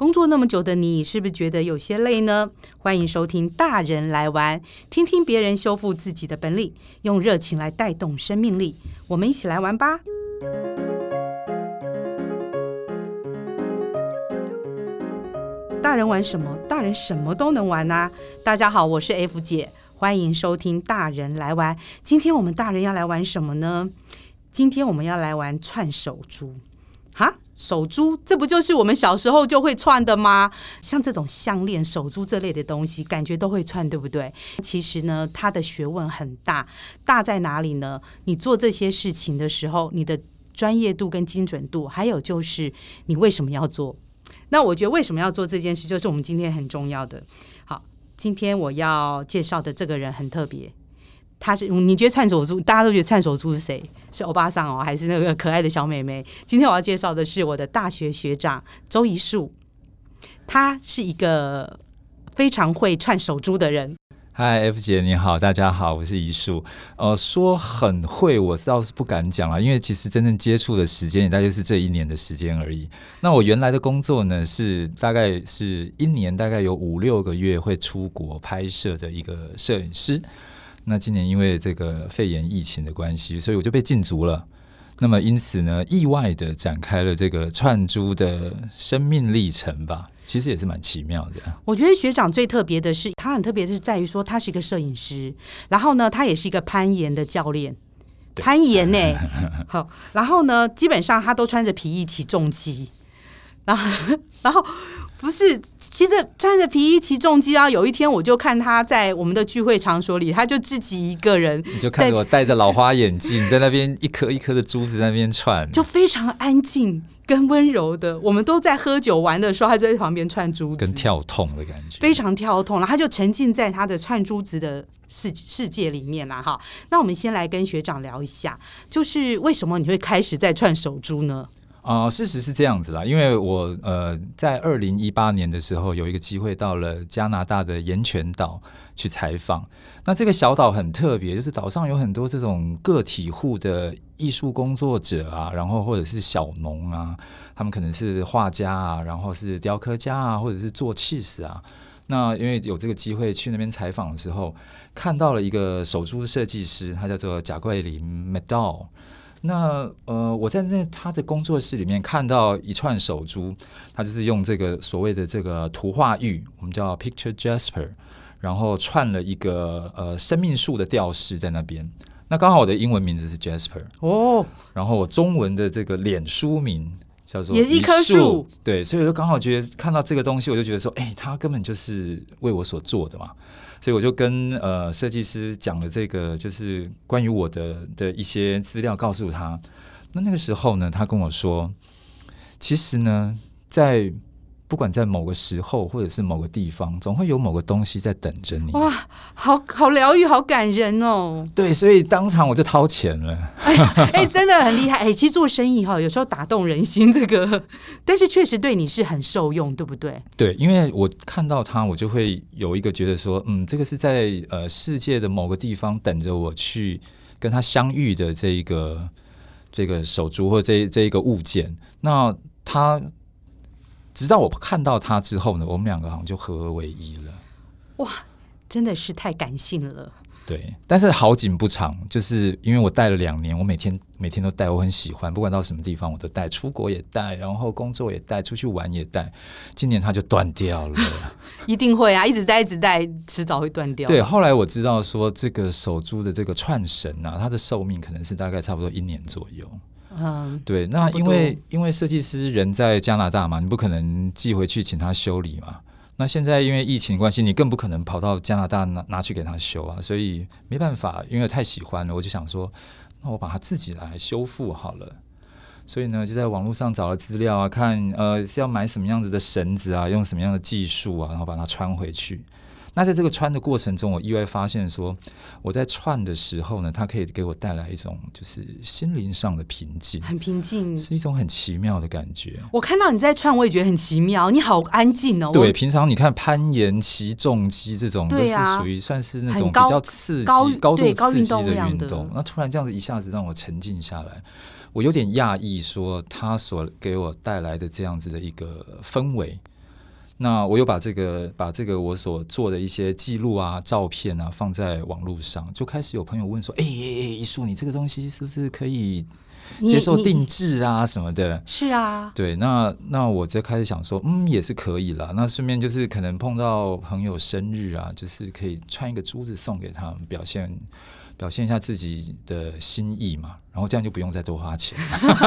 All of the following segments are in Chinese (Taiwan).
工作那麼久的你，是不是覺得有些累呢？歡迎收聽《大人來玩》，聽聽別人修復自己的本領，用熱情來帶動生命力。我們一起來玩吧！大人玩什麼？大人什麼都能玩吶、啊！大家好，我是 F 姐，歡迎收聽《大人來玩》。今天我們大人要來玩什麼呢？今天我們要來玩串手珠，哈！手珠，這不就是我們小時候就會串的嗎？像這種項鏈、手珠這類的東西，感覺都會串，對不對？其實呢，它的學問很大，大在哪裡呢？你做這些事情的時候，你的專業度跟精準度，還有就是你為什麼要做？那我覺得為什麼要做這件事，就是我們今天很重要的。好，今天我要介紹的這個人很特別。他是你覺得串手珠，大家都覺得串手珠是誰？是歐巴桑哦，還是那個可愛的小美眉？今天我要介紹的是我的大學學長周一樹，他是一個非常會串手珠的人。Hi，F 姐你好，大家好，我是一樹。呃，說很會，我倒是不敢講啦，因為其實真正接觸的時間也大概是這一年的時間而已。那我原來的工作呢，是大概是一年，大概有五六個月會出國拍攝的一個攝影師。那今年因為這個肺炎疫情的關係，所以我就被禁足了。那麼因此呢，意外地展開了這個串珠的生命歷程吧，其實也是蠻奇妙的。我覺得學長最特別的是，他很特別是在於說他是一個攝影師，然後呢，他也是一個攀岩的教練，對攀岩呢， 好，然後呢，基本上他都穿着皮衣騎重機，然後，然後。不是，其實穿着皮衣騎重機、啊、騎重機，然後有一天我就看他在我們的聚會場所裡，他就自己一個人，你就看着我戴着老花眼鏡 在那邊一顆一顆的珠子在那邊串，就非常安靜跟溫柔的。我們都在喝酒玩的時候，他在旁邊串珠子，跟跳痛的感覺，非常跳痛了。然後他就沉浸在他的串珠子的世世界裡面了、啊、哈。那我們先來跟學長聊一下，就是為什麼你會開始在串手珠呢？啊、呃，事實是這樣子啦，因為我呃，在二零一八年的時候，有一個機會到了加拿大的鹽泉島去採訪。那這個小島很特別，就是島上有很多這種個體戶的藝術工作者啊，然後或者是小農啊，他們可能是畫家啊，然後是雕刻家啊，或者是做起司啊。那因為有這個機會去那邊採訪的時候，看到了一個手珠設計師，他叫做賈桂林 Madal。那呃，我在那他的工作室裡面看到一串手珠，他就是用這個所謂的這個圖畫玉，我們叫 Picture Jasper，然後串了一個呃生命樹的吊飾在那邊。那剛好我的英文名字是 Jasper，哦，然後我中文的這個臉書名。叫做也是一棵樹，對，所以我就剛好覺得看到這個東西，我就覺得說，哎、欸，他根本就是為我所做的嘛，所以我就跟呃設計師講了這個，就是關於我的的一些資料，告訴他。那那個時候呢，他跟我說，其實呢，在。不管在某個時候或者是某個地方，總會有某個東西在等着你。哇，好好療癒，好感人哦。對，所以當場我就掏錢了哎。哎，真的很厲害。哎，其實做生意哈、哦，有時候打動人心這個，但是確實對你是很受用，對不對？對，因為我看到他，我就會有一個覺得說，嗯，這個是在呃世界的某個地方等着我去跟他相遇的這一個這個手珠或者，或這這一個物件。那他。直到我看到它之後呢，我們兩個好像就合二為一了。哇，真的是太感性了。對，但是好景不長，就是因為我戴了兩年，我每天每天都戴，我很喜歡，不管到什麼地方我都戴，出國也戴，然後工作也戴，出去玩也戴。今年它就斷掉了。 一定會啊，一直戴一直戴，遲早會斷掉。對，後來我知道說這個手珠的這個串繩啊，它的壽命可能是大概差不多一年左右。嗯，對，那因為因為設計師人在加拿大嘛，你不可能寄回去請他修理嘛。那現在因為疫情關係，你更不可能跑到加拿大拿，拿去給他修啊。所以沒辦法，因為太喜歡了，我就想說，那我把它自己來修復好了。所以呢，就在網絡上找了資料啊，看呃是要買什麼樣子的繩子啊，用什麼樣的技術啊，然後把它穿回去。那在這個穿的過程中，我意外發現說，我在串的時候呢，它可以給我帶來一種就是心靈上的平靜，很平靜，是一種很奇妙的感覺。我看到你在串，我也覺得很奇妙。你好安靜哦，對，我平常你看攀岩、騎重機這種，都是屬於算是那種比較刺激、對啊、高，高度刺激的運動。那突然這樣子一下子讓我沉靜下來，我有點訝異，說它所給我帶來的這樣子的一個氛圍。那我又把這個把這個我所做的一些記錄啊、照片啊放在網絡上，就開始有朋友問說：“哎、欸，欸，一樹，你這個東西是不是可以接受定制啊？什麼的？”是啊，對。那那我就開始想說，嗯，也是可以啦。那順便就是可能碰到朋友生日啊，就是可以穿一個珠子送給他們，表現。表現一下自己的心意嘛，然後這樣就不用再多花錢。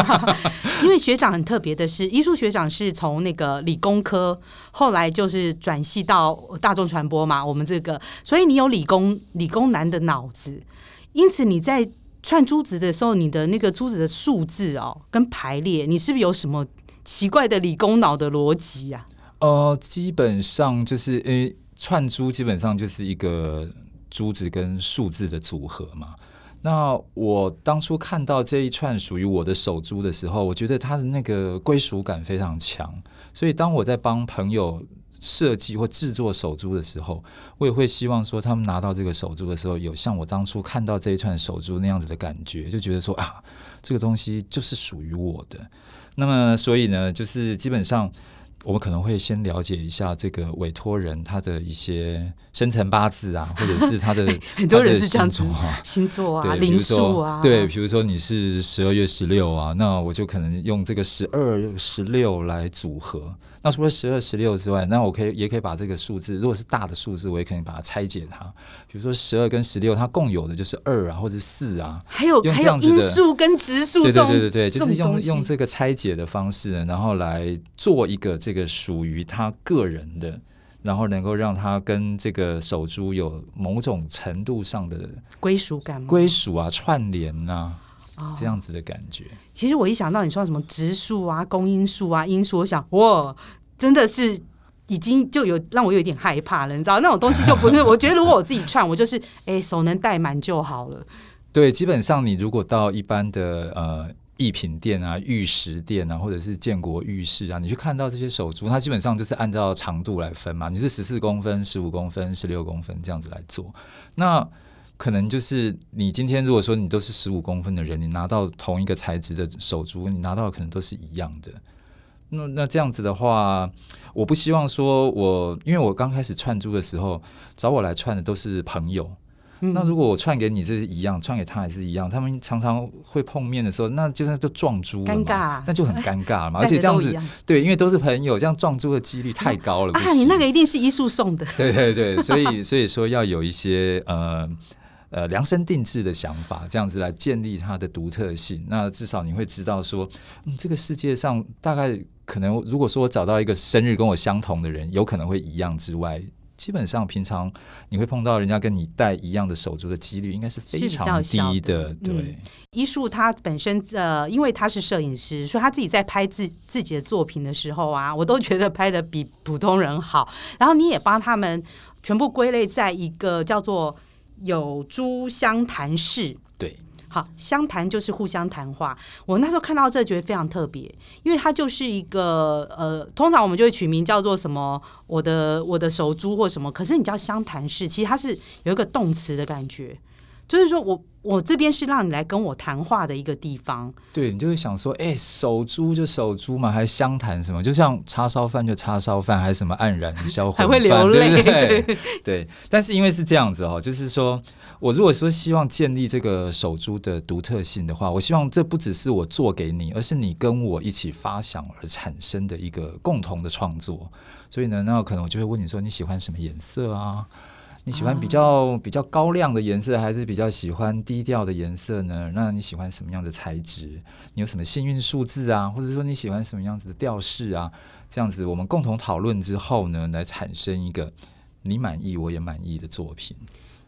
因為學長很特別的是，一樹學長是從那個理工科，後來就是轉系到大眾傳播嘛，我們這個，所以你有理工理工男的腦子，因此你在串珠子的時候，你的那個珠子的數字哦跟排列，你是不是有什麼奇怪的理工腦的邏輯啊？呃，基本上就是，誒，串珠基本上就是一個。珠子跟數字的組合嘛，那我當初看到這一串屬於我的手珠的時候，我覺得它的那個歸屬感非常強。所以當我在幫朋友設計或製作手珠的時候，我也會希望說，他們拿到這個手珠的時候，有像我當初看到這一串手珠那樣子的感覺，就覺得說啊，這個東西就是屬於我的。那麼，所以呢，就是基本上。我們可能會先了解一下這個委託人他的一些生辰八字啊，或者是他的， 很多人是這樣子啊，星座啊，比如說對，比如說你是十二月十六啊，那我就可能用這個十二十六來組合。那除了十二十六之外，那我可以也可以把這個數字，如果是大的數字，我也可以把它拆解它。比如說十二跟十六，它共有的就是二啊，或者是四啊，還有還這樣子的因數跟質數，對，對對對對，就是用用這個拆解的方式，然後來做一個這個。一個屬於他個人的，然後能夠讓他跟這個手珠有某種程度上的歸屬感、啊、歸屬啊、串聯吶，啊，哦、這樣子的感覺。其實我一想到你說什麼質數啊、公因數啊、因數，我想，哇，我真的是已經就有讓我有點害怕了，你知道那種東西就不是。 我覺得如果我自己串，我就是哎手能戴滿就好了。對，基本上你如果到一般的呃。藝品店啊，玉石店啊，或者是建國玉市啊，你去看到這些手珠，它基本上就是按照長度來分嘛。你是十四公分、十五公分、十六公分這樣子來做，那可能就是你今天如果說你都是十五公分的人，你拿到同一個材質的手珠，你拿到的可能都是一樣的。那那這樣子的話，我不希望說我，因為我剛開始串珠的時候，找我來串的都是朋友。那如果我串給你這是一樣，串給他也是一樣。他們常常會碰面的時候，那就算就撞珠，尷尬、啊，那就很尷尬嘛。而且這樣子，對，因為都是朋友，這樣撞珠的幾率太高了。啊，你那個一定是一樹送的。對對對，所以所以說要有一些呃呃量身定制的想法，這樣子來建立它的獨特性。那至少你會知道說，嗯，這個世界上大概可能，如果說我找到一個生日跟我相同的人，有可能會一樣之外。基本上，平常你會碰到人家跟你戴一樣的手鐲的幾率，應該是非常低的。的對，一樹、嗯、他本身呃，因為他是攝影師，所以他自己在拍自自己的作品的時候啊，我都覺得拍得比普通人好。然後你也幫他們全部歸類在一個叫做有珠相談室，對。好，相談就是互相談話。我那時候看到這，覺得非常特別，因為它就是一個呃，通常我們就會取名叫做什麼，我的我的手珠或什麼。可是你叫相談室，其實它是有一個動詞的感覺。就是說我，我我這邊是讓你來跟我談話的一個地方。對，你就會想說，哎、欸，手珠就手珠嘛，還是相談什麼？就像叉燒飯就叉燒飯，還是什麼黯然銷魂還會流淚，對不對？對。對對，但是因為是這樣子哦，就是說我如果說希望建立這個手珠的獨特性的話，我希望這不只是我做給你，而是你跟我一起發想而產生的一個共同的創作。所以呢，那可能我就會問你說，你喜歡什麼顏色啊？你喜歡比較比較高亮的顏色，還是比較喜歡低調的顏色呢？那你喜歡什麼樣的材質？你有什麼幸運數字啊？或者說你喜歡什麼樣子的吊飾啊？這樣子我們共同討論之後呢，來產生一個你滿意、我也滿意的作品。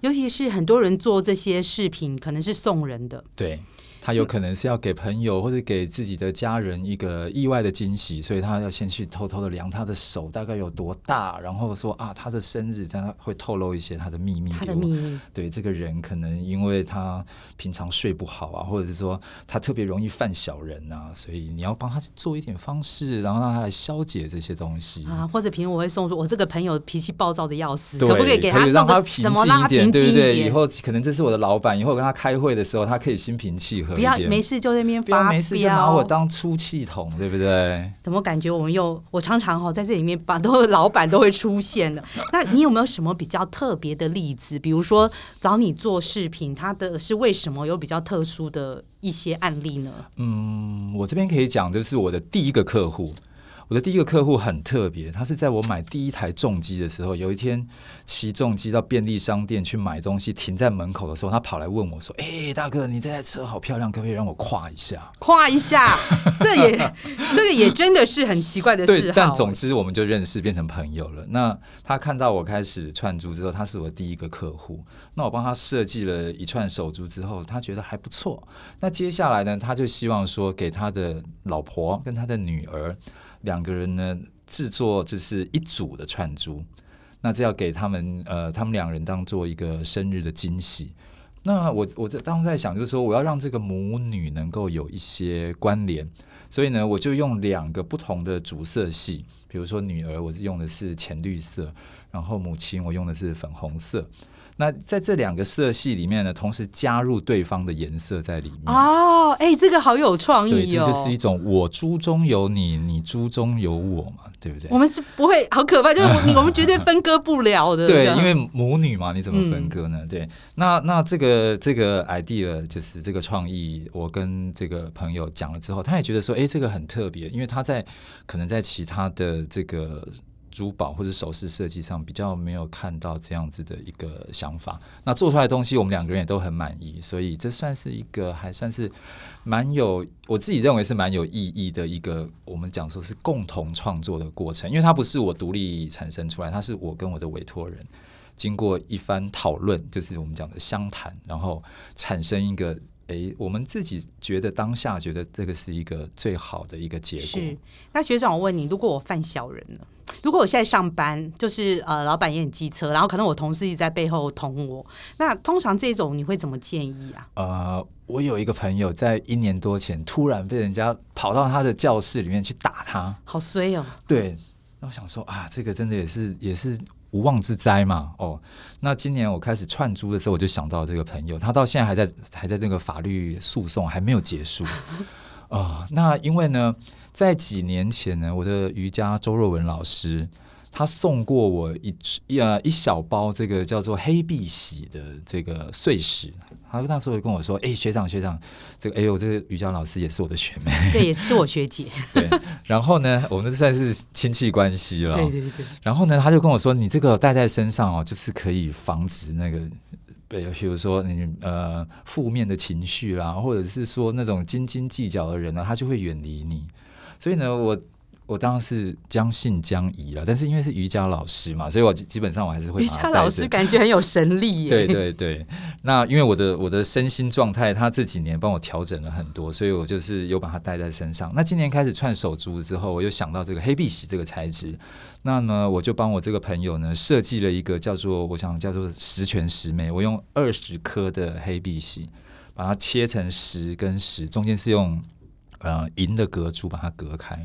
尤其是很多人做這些飾品，可能是送人的。對。他有可能是要給朋友或者給自己的家人一個意外的驚喜，所以他要先去偷偷的量他的手大概有多大，然後說啊，他的生日，在他會透露一些他的秘密給我。秘密。對，這個人，可能因為他平常睡不好啊，或者是說他特別容易犯小人啊，所以你要幫他做一點方式，然後讓他來消解這些東西啊。或者平時我會送說我這個朋友脾氣暴躁的要死，對可不可以給他以讓他平靜一點？一點對不對？以後可能這是我的老闆，以後我跟他開會的時候，他可以心平氣和。不要沒事就在那邊發飆，沒事就拿我當出氣筒，對不對？怎麼感覺我們又……我常常哦，在這裡面把都是老板都會出現的。那你有沒有什麼比較特別的例子？比如說找你做視頻，他的是為什麼有比較特殊的一些案例呢？嗯，我這邊可以講，這、就是我的第一個客戶。我的第一個客戶很特別，他是在我買第一台重機的時候，有一天騎重機到便利商店去買東西，停在門口的時候，他跑來問我說：“哎、欸，大哥，你這台車好漂亮，可不可以讓我跨一下？”跨一下，這也 這個也真的是很奇怪的事。對，但總之我們就認識，變成朋友了。那他看到我開始串珠之後，他是我的第一個客戶。那我幫他設計了一串手珠之後，他覺得還不錯。那接下來呢，他就希望說給他的老婆跟他的女兒。兩個人呢，製作這是一組的串珠，那這要給他們呃，他們兩人當做一個生日的驚喜。那我我在當時在想，就是說我要讓這個母女能夠有一些關聯，所以呢，我就用兩個不同的主色系，比如說女兒，我用的是淺綠色，然後母親，我用的是粉紅色。那在這兩個色系裡面呢，同時加入對方的顏色在裡面。哦，哎、欸，這個好有創意哦！對，就是一種我珠中有你，你珠中有我嘛，對不對？我們是不會好可怕，就是我們絕對分割不了的。 對，因為母女嘛，你怎麼分割呢？嗯、對，那那這個這個 idea 就是這個創意，我跟這個朋友講了之後，他也覺得說，哎、欸，這個很特別，因為他在可能在其他的這個。珠寶或者首飾設計上比較沒有看到這樣子的一個想法，那做出來的東西我們兩個人也都很滿意，所以這算是一個還算是蠻有，我自己認為是蠻有意義的一個，我們講說是共同創作的過程，因為它不是我獨立產生出來，它是我跟我的委託人經過一番討論，就是我們講的相談，然後產生一個。誒，我們自己覺得當下覺得這個是一個最好的一個結果。是，那學長，我問你，如果我犯小人了，如果我現在上班，就是呃，老闆也很機車，然後可能我同事一直在背後捅我，那通常這種你會怎麼建議啊？呃，我有一個朋友在一年多前突然被人家跑到他的教室裡面去打他，好衰哦。對，那我想說啊，這個真的也是也是。無妄之災嘛，哦，那今年我開始串珠的時候，我就想到這個朋友，他到現在還在還在那個法律訴訟還沒有結束，啊、 哦，那因為呢，在幾年前呢，我的瑜伽周若文老師。他送過我一一,一小包這個叫做黑碧璽的這個碎石，他那時候就跟我說：“哎、欸，學長學長，這個哎呦，欸、這個瑜伽老師也是我的學妹，對，也是我學姐。 ”對，然後呢，我們這算是親戚關係了。對對對。然後呢，他就跟我說：“你這個戴在身上哦，就是可以防止那個，比如說你呃負面的情緒啦，或者是說那種斤斤計較的人呢，他就會遠離你。”所以呢，我。我當時是將信將疑了，但是因為是瑜伽老師嘛，所以我基本上我還是會把瑜伽老師感覺很有神力耶。 對對對，那因為我的我的身心狀態，他這幾年幫我調整了很多，所以我就是又把它帶在身上。那今年開始串手珠之後，我又想到這個黑碧璽這個材質，那麼我就幫我這個朋友呢設計了一個叫做我想叫做十全十美，我用二十顆的黑碧璽把它切成十跟十，中間是用呃銀的隔珠把它隔開。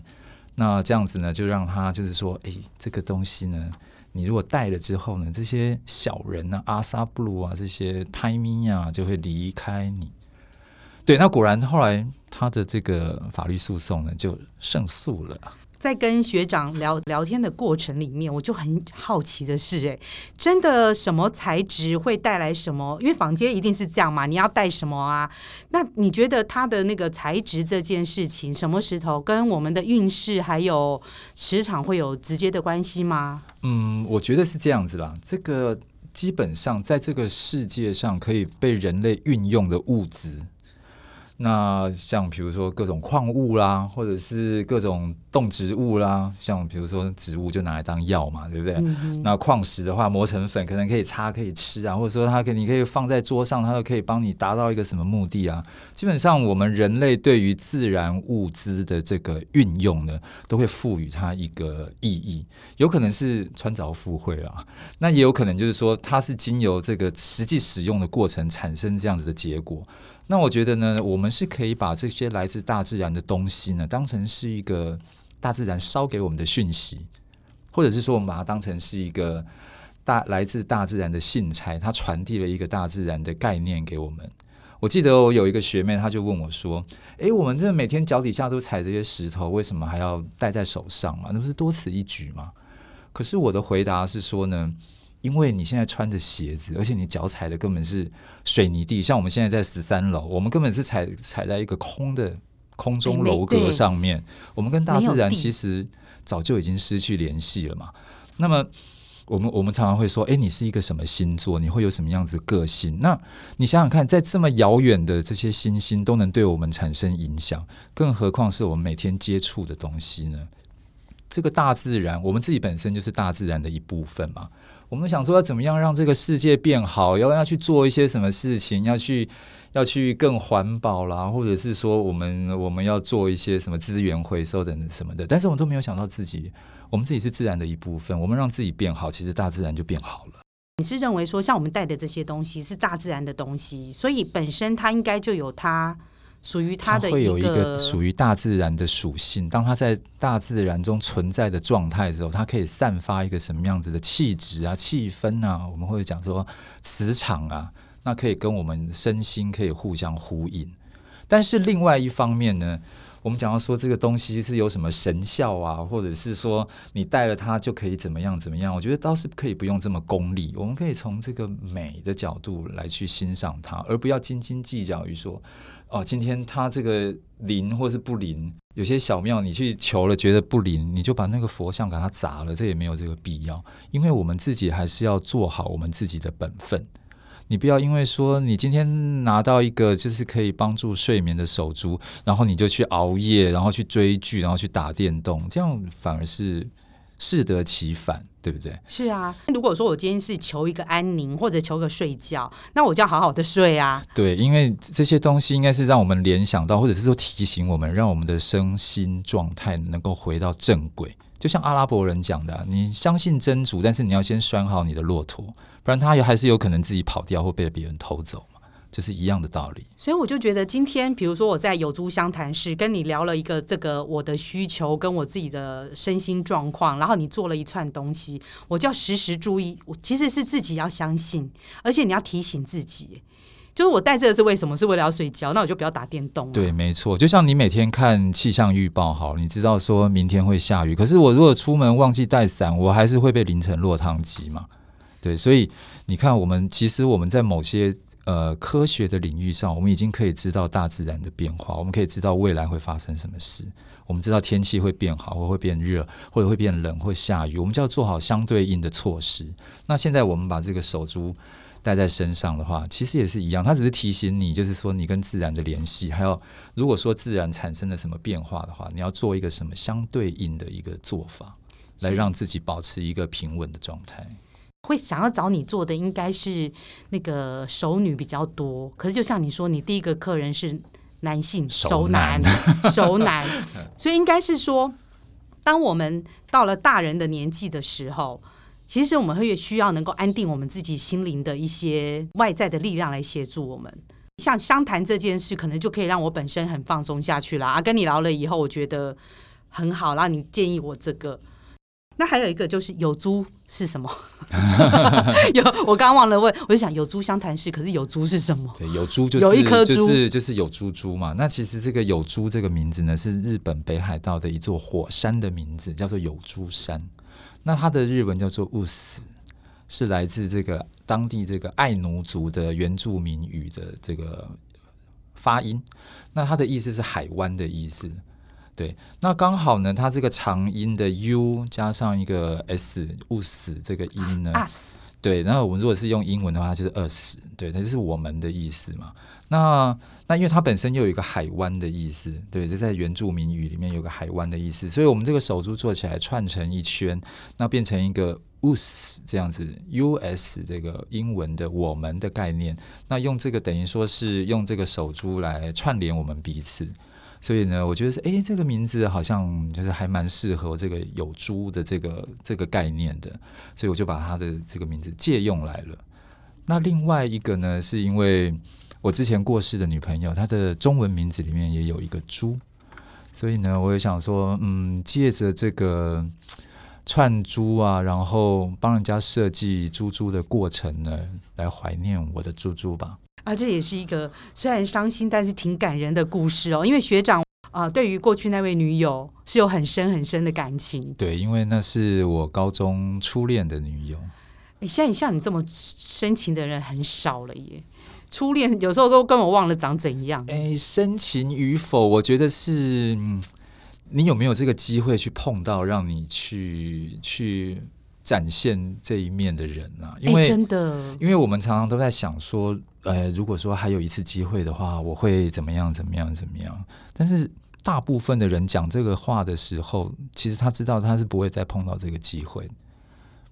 那這樣子呢，就讓他就是說，哎、欸，這個東西呢，你如果帶了之後呢，這些小人啊，阿薩布魯啊，這些歹咪呀、啊，就會離開你。對，那果然後來他的這個法律訴訟呢，就勝訴了。在跟學長聊聊天的過程裡面，我就很好奇的是，誒，真的什麼材質會帶來什麼？因為房間一定是這樣嘛，你要帶什麼啊？那你覺得它的那個材質這件事情，什麼石頭跟我們的運勢還有磁場，會有直接的關係嗎？嗯，我覺得是這樣子啦。這個基本上在這個世界上可以被人類運用的物質。那像比如說各種礦物啦，或者是各種動植物啦，像比如說植物就拿來當藥嘛，對不對？嗯、哼那礦石的話磨成粉，可能可以擦，可以吃啊，或者說它可你可以放在桌上，它都可以幫你達到一個什麼目的啊？基本上我們人類對於自然物資的這個運用呢，都會賦予它一個意義，有可能是穿鑿附會啦，那也有可能就是說它是經由這個實際使用的過程產生這樣子的結果。那我覺得呢，我們是可以把這些來自大自然的東西呢，當成是一個大自然捎給我們的訊息，或者是說，我們把它當成是一個大來自大自然的信差，它傳遞了一個大自然的概念給我們。我記得我有一個學妹，她就問我說：“誒，我們這每天腳底下都踩這些石頭，為什麼還要戴在手上啊？那不是多此一舉嗎？”可是我的回答是說呢。因為你現在穿着鞋子，而且你腳踩的根本是水泥地。像我們現在在十三樓，我們根本是踩踩在一個空的空中樓閣上面。沒沒我們跟大自然其實早就已經失去聯繫了嘛。那麼，我們我們常常會說：“誒，你是一個什麼星座？你會有什麼樣子的個性？”那你想想看，在這麼遙遠的這些星星都能對我們產生影響，更何況是我們每天接觸的東西呢？這個大自然，我們自己本身就是大自然的一部分嘛。我們想說要怎麼樣讓這個世界變好，要要去做一些什麼事情，要去要去更環保啦，或者是說我們我們要做一些什麼資源回收等等什麼的。但是我們都沒有想到自己，我們自己是自然的一部分，我們讓自己變好，其實大自然就變好了。你是認為說像我們帶的這些東西是大自然的東西，所以本身它應該就有它。屬於他的，會有一個屬於大自然的屬性。當它在大自然中存在的狀態之後，它可以散發一個什麼樣子的氣質啊、氣氛啊，我們會講說磁場啊，那可以跟我們身心可以互相呼應。但是另外一方面呢？我們講到說這個東西是有什麼神效啊，或者是說你戴了它就可以怎麼樣怎麼樣？我覺得倒是可以不用這麼功利，我們可以從這個美的角度來去欣賞它，而不要斤斤計較於說，哦，今天它這個靈或是不靈。有些小廟你去求了覺得不靈，你就把那個佛像給它砸了，這也沒有這個必要。因為我們自己還是要做好我們自己的本分。你不要因為說你今天拿到一個就是可以幫助睡眠的手珠，然後你就去熬夜，然後去追劇，然後去打電動，這樣反而是適得其反，對不對？是啊，如果說我今天是求一個安寧或者求個睡覺，那我就要好好的睡啊。對，因為這些東西應該是讓我們聯想到，或者是說提醒我們，讓我們的身心狀態能夠回到正軌。就像阿拉伯人講的，你相信真主，但是你要先拴好你的駱駝。不然他也還是有可能自己跑掉或被別人偷走嘛。就是一樣的道理。所以我就覺得今天，比如說我在有珠相談室跟你聊了一個這個我的需求跟我自己的身心狀況，然後你做了一串東西，我就要時時注意。我其實是自己要相信，而且你要提醒自己，就是我帶這個是為什麼？是為了要睡覺，那我就不要打電動。對，沒錯。就像你每天看氣象預報，好，你知道說明天會下雨，可是我如果出門忘記帶傘，我還是會被淋成落湯雞嘛。對，所以你看，我們其實我們在某些呃科學的領域上，我們已經可以知道大自然的變化，我們可以知道未來會發生什麼事。我們知道天氣會變好，或會變熱，或者會變冷，會下雨。我們就要做好相對應的措施。那現在我們把這個手珠戴在身上的話，其實也是一樣，它只是提醒你，就是說你跟自然的聯繫，還有如果說自然產生了什麼變化的話，你要做一個什麼相對應的一個做法，是來讓自己保持一個平穩的狀態。會想要找你做的應該是那個熟女比較多，可是就像你說，你第一個客人是男性熟男熟男， 所以應該是說，當我們到了大人的年紀的時候，其實我們會需要能夠安定我們自己心靈的一些外在的力量來協助我們。像相談這件事，可能就可以讓我本身很放鬆下去了。啊，跟你聊了以後，我覺得很好啊，讓你建議我這個。那還有一個就是有珠是什麼？ 有我剛忘了問，我就想有珠相談室，可是有珠是什麼？對，有珠就是有一顆珠、就是，就是有珠珠嘛。那其實這個有珠這個名字呢，是日本北海道的一座火山的名字，叫做有珠山。那它的日文叫做 Usu，是來自這個當地這個愛奴族的原住民語的這個發音。那它的意思是海灣的意思。對，那剛好呢，它這個長音的 U 加上一個 S，us 這個音呢，啊、對，然後我們如果是用英文的話，就是 us，對，它就是我們的意思嘛。那那因為它本身又有一個海灣的意思，對，就在原住民語裡面有個海灣的意思，所以我們這個手珠做起來串成一圈，那變成一個 us 這樣子，us 這個英文的我們的概念，那用這個等於說是用這個手珠來串聯我們彼此。所以呢，我覺得是誒，這個名字好像就是還蠻適合這個有珠的這個這個概念的，所以我就把他的這個名字借用來了。那另外一個呢，是因為我之前過世的女朋友，她的中文名字裡面也有一個“珠”，所以呢，我也想說，嗯，借着這個串珠啊，然後幫人家設計珠珠的過程呢，來懷念我的珠珠吧。啊，這也是一個雖然傷心，但是挺感人的故事哦。因為學長啊、呃，對於過去那位女友是有很深很深的感情。對，因為那是我高中初戀的女友。哎，像你像你這麼深情的人很少了耶。初戀有時候都跟我忘了長怎樣。哎，深情與否，我覺得是、嗯、你有沒有這個機會去碰到，讓你去去。展現這一面的人啊，因為、欸、真的，因為我們常常都在想說，呃，如果說還有一次機會的話，我會怎麼樣，怎麼樣，怎麼樣？但是大部分的人講這個話的時候，其實他知道他是不會再碰到這個機會，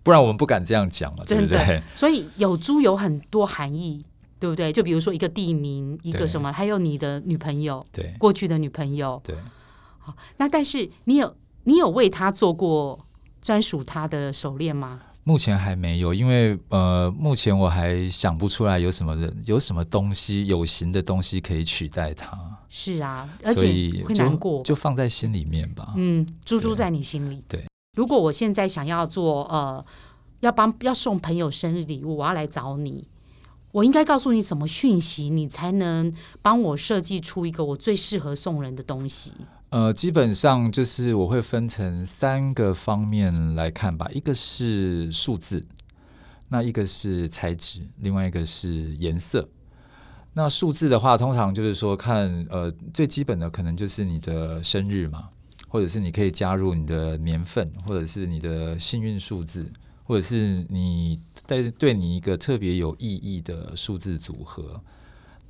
不然我們不敢這樣講了。對不對？所以有珠有很多含義，對不對？就比如說一個地名，一個什麼，對還有你的女朋友，對，過去的女朋友，對。好，那但是你有，你有為他做過。專屬他的手鏈嗎？目前還沒有，因為呃，目前我還想不出來有什麼人，有什麼東西，有形的東西可以取代他，是啊，所以會難過就就放在心裡面吧。嗯，珠珠在你心裡。對，對。如果我現在想要做呃，要幫要送朋友生日禮物，我要來找你，我應該告訴你什麼訊息，你才能幫我設計出一個我最適合送人的東西？呃，基本上就是我會分成三個方面來看吧。一個是數字，那一個是材質，另外一個是顏色。那數字的話，通常就是說看呃最基本的，可能就是你的生日嘛，或者是你可以加入你的年份，或者是你的幸運數字，或者是你在對，對你一個特別有意義的數字組合。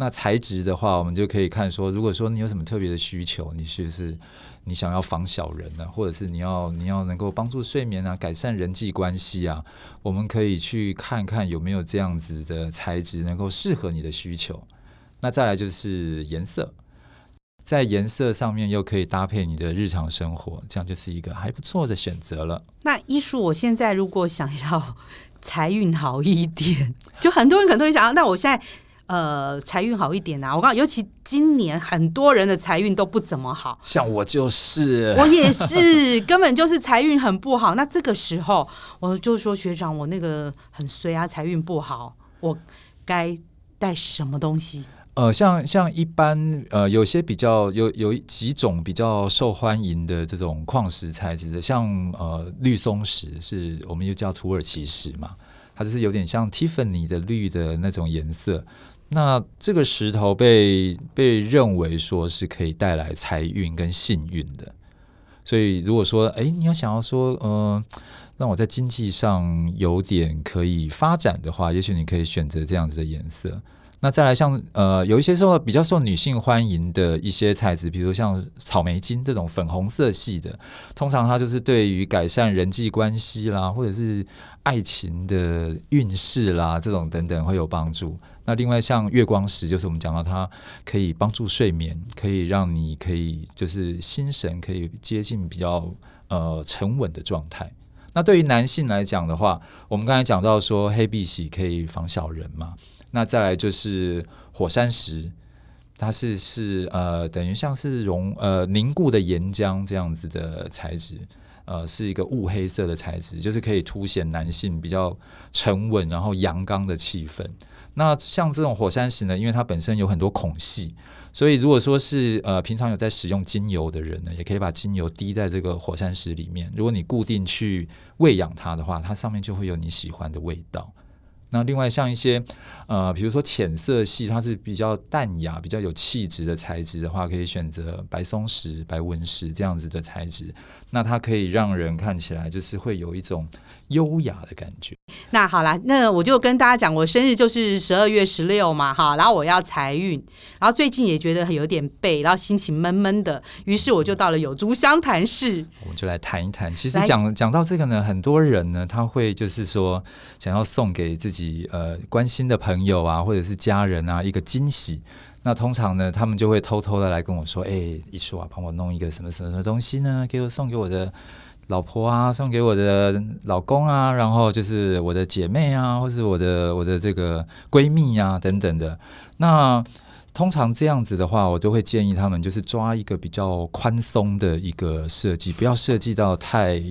那材質的話，我們就可以看說，如果說你有什麼特別的需求，你是不是你想要防小人呢、啊，或者是你要你要能夠幫助睡眠啊，改善人際關係啊，我們可以去看看有沒有這樣子的材質能夠適合你的需求。那再來就是顏色，在顏色上面又可以搭配你的日常生活，這樣就是一個還不錯的選擇了。那一樹，我現在如果想要財運好一點，就很多人可能都會想、啊，那我現在。呃，財運好一點啊！我剛，尤其今年很多人的財運都不怎麼好，像我就是，我也是， 根本就是財運很不好。那這個時候，我就說學長，我那個很衰啊，財運不好，我該帶什麼東西？呃，像像一般呃，有些比較有有幾種比較受歡迎的這種礦石材質的，像呃綠松石是，是我們又叫土耳其石嘛，它就是有點像蒂凡尼的綠的那種顏色。那這個石頭被被認為說是可以帶來財運跟幸運的，所以如果說哎，你要想要說，嗯、呃，讓我在經濟上有點可以發展的話，也許你可以選擇這樣子的顏色。那再來像呃，有一些受比較受女性歡迎的一些材質，比如像草莓晶這種粉紅色系的，通常它就是對於改善人際關係啦，或者是愛情的運勢啦，這種等等會有幫助。那另外像月光石，就是我們講到它可以幫助睡眠，可以讓你可以就是心神可以接近比較呃沉穩的狀態。那對於男性來講的話，我們剛才講到說黑碧玺可以防小人嘛。那再來就是火山石，它是是呃等於像是熔呃凝固的岩漿這樣子的材質。呃，是一個霧黑色的材質，就是可以凸顯男性比較沉穩，然後陽剛的氣氛。那像這種火山石呢，因為它本身有很多孔隙，所以如果說是呃平常有在使用精油的人呢，也可以把精油滴在這個火山石裡面。如果你固定去餵養它的話，它上面就會有你喜歡的味道。那另外像一些呃，比如說淺色系，它是比較淡雅、比較有氣質的材質的話，可以選擇白松石、白紋石這樣子的材質，那它可以讓人看起來就是會有一種。優雅的感覺。那好啦，那我就跟大家講，我生日就是十二月十六嘛，哈，然後我要財運，然後最近也覺得有點背，然後心情悶悶的，於是我就到了有珠相談室，嗯、我們就來談一談。其實講來講到這個呢，很多人呢，他會就是說想要送給自己呃關心的朋友啊，或者是家人啊一個驚喜。那通常呢，他們就會偷偷的來跟我說：“哎，一樹啊，幫我弄一個什麼什麼什麼東西呢，給我送給我的。”老婆啊，送給我的老公啊，然後就是我的姐妹啊，或是，我的我的這個閨蜜啊等等的。那通常這樣子的話，我都會建議他們，就是抓一個比較寬鬆的一個設計，不要設計到太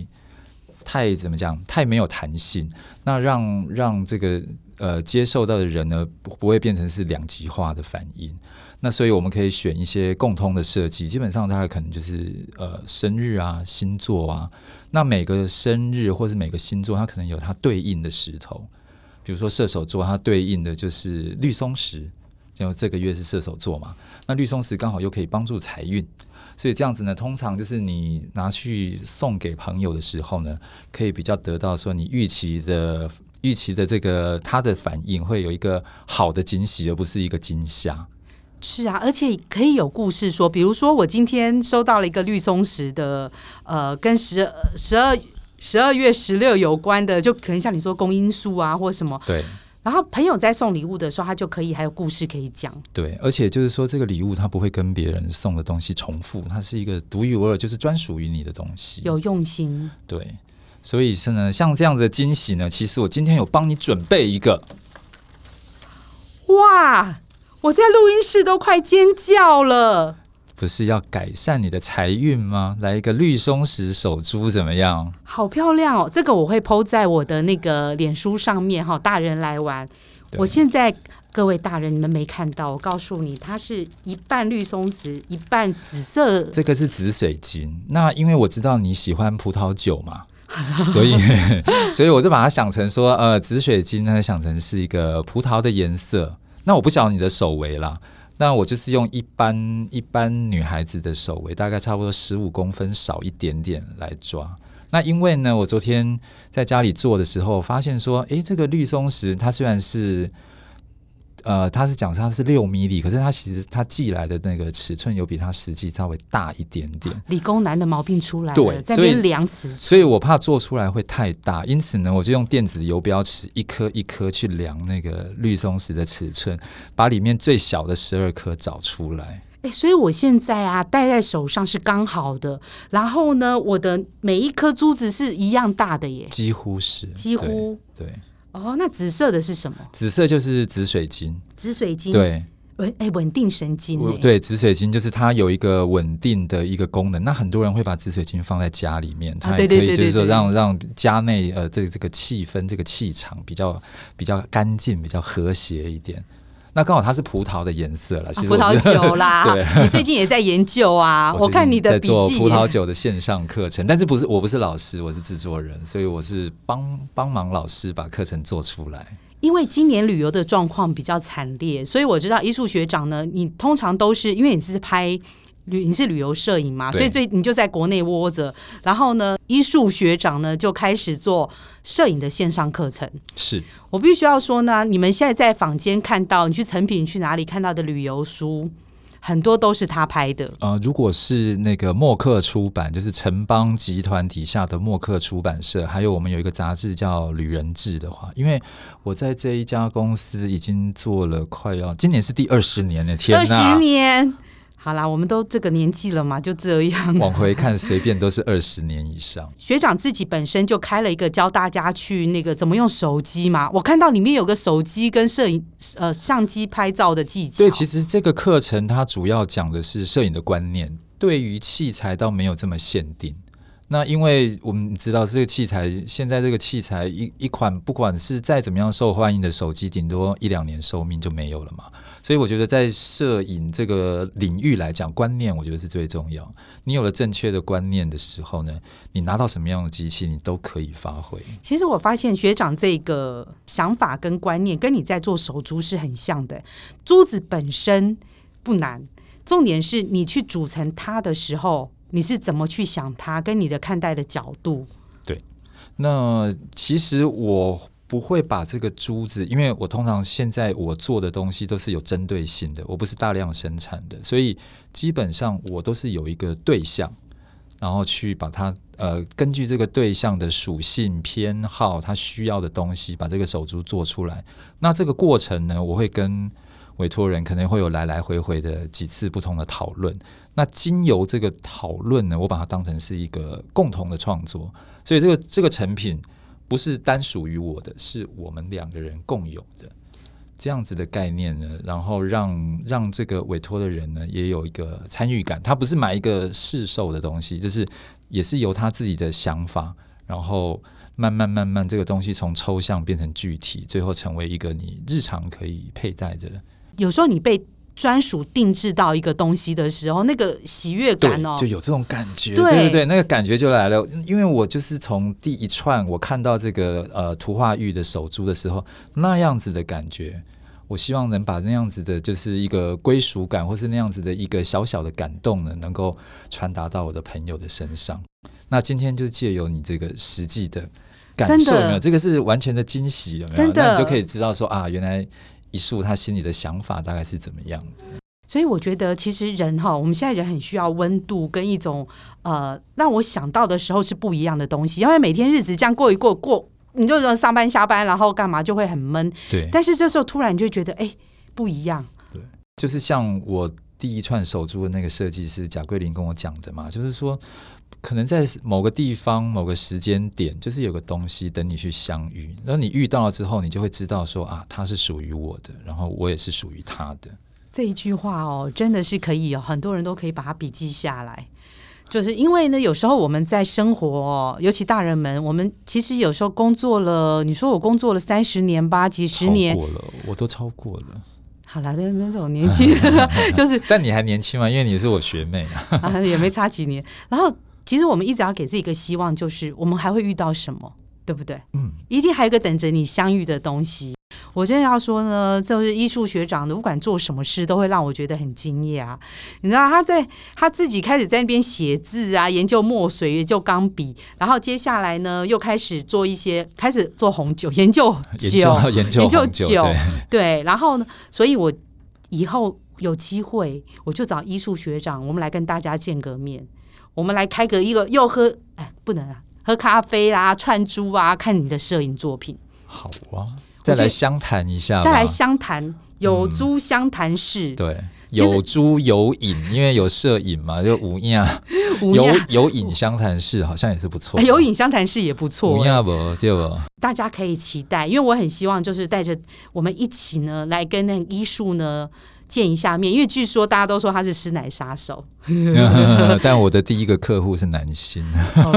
太怎麼講，太沒有彈性。那讓讓這個呃接受到的人呢，不不會變成是兩極化的反應。那所以我們可以選一些共通的設計，基本上它可能就是呃生日啊、星座啊。那每個生日或是每個星座，它可能有它對應的石頭，比如說射手座，它對應的就是綠松石，因為這個月是射手座嘛。那綠松石剛好又可以幫助財運，所以這樣子呢，通常就是你拿去送給朋友的時候呢，可以比較得到說你預期的預期的這個他的反應會有一個好的驚喜，而不是一個驚嚇。是啊，而且可以有故事說，比如說我今天收到了一個綠松石的，呃，跟十，十二，十二月十六有關的，就可能像你說公因數啊，或者什麼。對。然後朋友在送禮物的時候，他就可以還有故事可以講。對，而且就是說這個禮物它不會跟別人送的東西重複，它是一個獨一無二，就是專屬於你的東西。有用心。對，所以是呢，像這樣的驚喜呢，其實我今天有幫你準備一個。哇！我在錄音室都快尖叫了！不是要改善你的財運嗎？來一個綠松石手珠怎麼樣？好漂亮哦！這個我會 po 在我的那個臉書上面哈。大人來玩，對我現在各位大人，你們沒看到，我告訴你，它是一半綠松石，一半紫色。這個是紫水晶。那因為我知道你喜歡葡萄酒嘛， 所以所以我就把它想成說，呃，紫水晶呢，想成是一個葡萄的顏色。那我不曉得你的手圍了，那我就是用一般一般女孩子的手圍，大概差不多十五公分少一點點來抓。那因為呢，我昨天在家裡做的時候，發現說，哎，這個綠松石它雖然是。呃，他是講他是六毫米，可是他其實他寄來的那個尺寸有比他實際稍微大一點點。啊、理工男的毛病出來了，對，在那邊量尺寸，所以我怕做出來會太大，因此呢，我就用電子游標尺一顆一顆去量那個綠松石的尺寸，把裡面最小的十二顆找出來。哎、欸，所以我現在啊戴在手上是剛好的，然後呢，我的每一顆珠子是一樣大的耶，幾乎是幾乎對。對哦，那紫色的是什麼？紫色就是紫水晶。紫水晶對，穩哎穩定神經。對，紫水晶就是它有一個穩定的一個功能。那很多人會把紫水晶放在家裡面，它也可以就是說讓讓家內呃這個這個氣氛這個氣場比較比較乾淨，比較和諧一點。那剛好它是葡萄的顏色了、啊，葡萄酒啦對。你最近也在研究啊？我看你的筆記。在做葡萄酒的線上課程，但是不是我不是老師，我是制作人，所以我是幫幫忙老師把課程做出來。因為今年旅遊的狀況比較慘烈，所以我知道一樹學長呢，你通常都是因為你是拍。旅你是旅遊攝影嘛，對所以最你就在國內窩，窩着。然後呢，一樹學長呢就開始做攝影的線上課程。是我必須要說呢，你們現在在坊間看到，你去誠品去哪裡看到的旅遊書，很多都是他拍的。呃，如果是那個墨刻出版，就是城邦集團底下的墨刻出版社，還有我們有一個雜誌叫《旅人誌》的話，因為我在這一家公司已經做了快要今年是第二十年了，天，二十年。好啦，我們都這個年紀了嘛，就這樣。 往回看，隨便都是二十年以上。學長自己本身就開了一個教大家去那個怎麼用手機嘛，我看到裡面有個手機跟攝影呃相機拍照的技巧。對，其實這個課程它主要講的是攝影的觀念，對於器材倒沒有這麼限定。那因為我們知道這個器材，現在這個器材一一款，不管是再怎麼樣受歡迎的手機，頂多一兩年壽命就沒有了嘛。所以我覺得，在攝影這個領域來講，觀念我覺得是最重要。你有了正確的觀念的時候呢，你拿到什麼樣的機器，你都可以發揮。其實我發現學長這個想法跟觀念，跟你在做手珠是很像的。珠子本身不難，重點是你去組成它的時候。你是怎麼去想它，跟你的看待的角度？對，那其實我不會把這個珠子，因為我通常現在我做的東西都是有針對性的，我不是大量生產的，所以基本上我都是有一個對象，然後去把它呃，根據這個對象的屬性、偏好，他需要的東西，把這個手珠做出來。那這個過程呢，我會跟委託人可能會有來來回回的幾次不同的討論。那經由這個討論呢，我把它當成是一個共同的創作，所以這個這個成品不是單屬於我的，是我們兩個人共有的這樣子的概念呢。然後讓讓這個委託的人呢也有一個參與感，他不是買一個市售的東西，就是也是由他自己的想法，然後慢慢慢慢這個東西從抽象變成具體，最後成為一個你日常可以佩戴的。有時候你被。專屬定製到一個東西的時候，那個喜悅感哦，就有這種感覺，對對對，那個感覺就來了。因為我就是從第一串我看到這個呃圖畫玉的手珠的時候，那樣子的感覺，我希望能把那樣子的就是一個歸屬感，或是那樣子的一個小小的感動呢，能夠傳達到我的朋友的身上。那今天就借由你這個實際的感受，真的，有沒有？這個是完全的驚喜，有沒有？真的，那你就可以知道說啊，原來。一樹，他心裡的想法大概是怎麼樣子？所以我覺得，其實人哈，我們現在人很需要溫度跟一種呃，讓我想到的時候是不一樣的東西，因為每天日子這樣過一過過，你就說上班下班，然後幹嘛就會很悶。對。但是這時候突然就覺得，哎、欸，不一樣。對。就是像我第一串手珠的那個設計師賈桂林跟我講的嘛，就是說。可能在某個地方、某個時間點，就是有個東西等你去相遇。然後你遇到了之後，你就會知道說啊，他是屬於我的，然後我也是屬於他的。這一句話哦，真的是可以、哦，很多人都可以把它筆記下來。就是因為呢，有時候我們在生活、哦，尤其大人們，我們其實有時候工作了，你說我工作了三十年吧、八幾十年，超過了，我都超過了。好了，那那種年紀， 就是，但你還年輕嗎？因為你是我學妹 啊，也沒差幾年。然後。其實我們一直要給自己一個希望，就是我們還會遇到什麼，對不對？嗯，一定還有一個等着你相遇的東西。我真的要說呢，就是一樹學長呢，不管做什麼事，都會讓我覺得很驚訝啊。你知道他在他自己開始在那邊寫字啊，研究墨水，研究鋼筆，然後接下來呢，又開始做一些，開始做紅酒，研究酒，研究，研究酒，研究酒，對，對。然後呢，所以我以後有機會，我就找一樹學長，我們來跟大家見個面。我們來開個一個，又喝哎，不能啊，喝咖啡啦、啊，串珠啊，看你的攝影作品，好啊，再來相談一下吧，再來相談，有珠相談室、嗯。對，有珠有影，就是，因為有攝影嘛，就無樣， 有有影相談室好像也是不錯， 有影相談室也不錯，一樣不對不？大家可以期待，因為我很希望就是帶着我們一起呢，來跟那個一樹呢。見一下面，因為據說大家都說他是師奶殺手、 嗯嗯嗯，但我的第一個客戶是男性，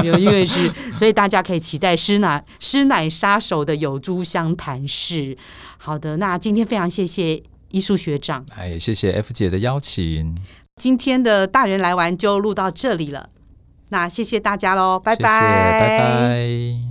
有、 哦、因為是，所以大家可以期待師奶師奶殺手的有珠相談室。好的，那今天非常謝謝一樹學長，哎，謝謝 F 姐的邀請。今天的大人來玩就錄到這裡了，那謝謝大家嘍，拜拜，謝謝拜拜。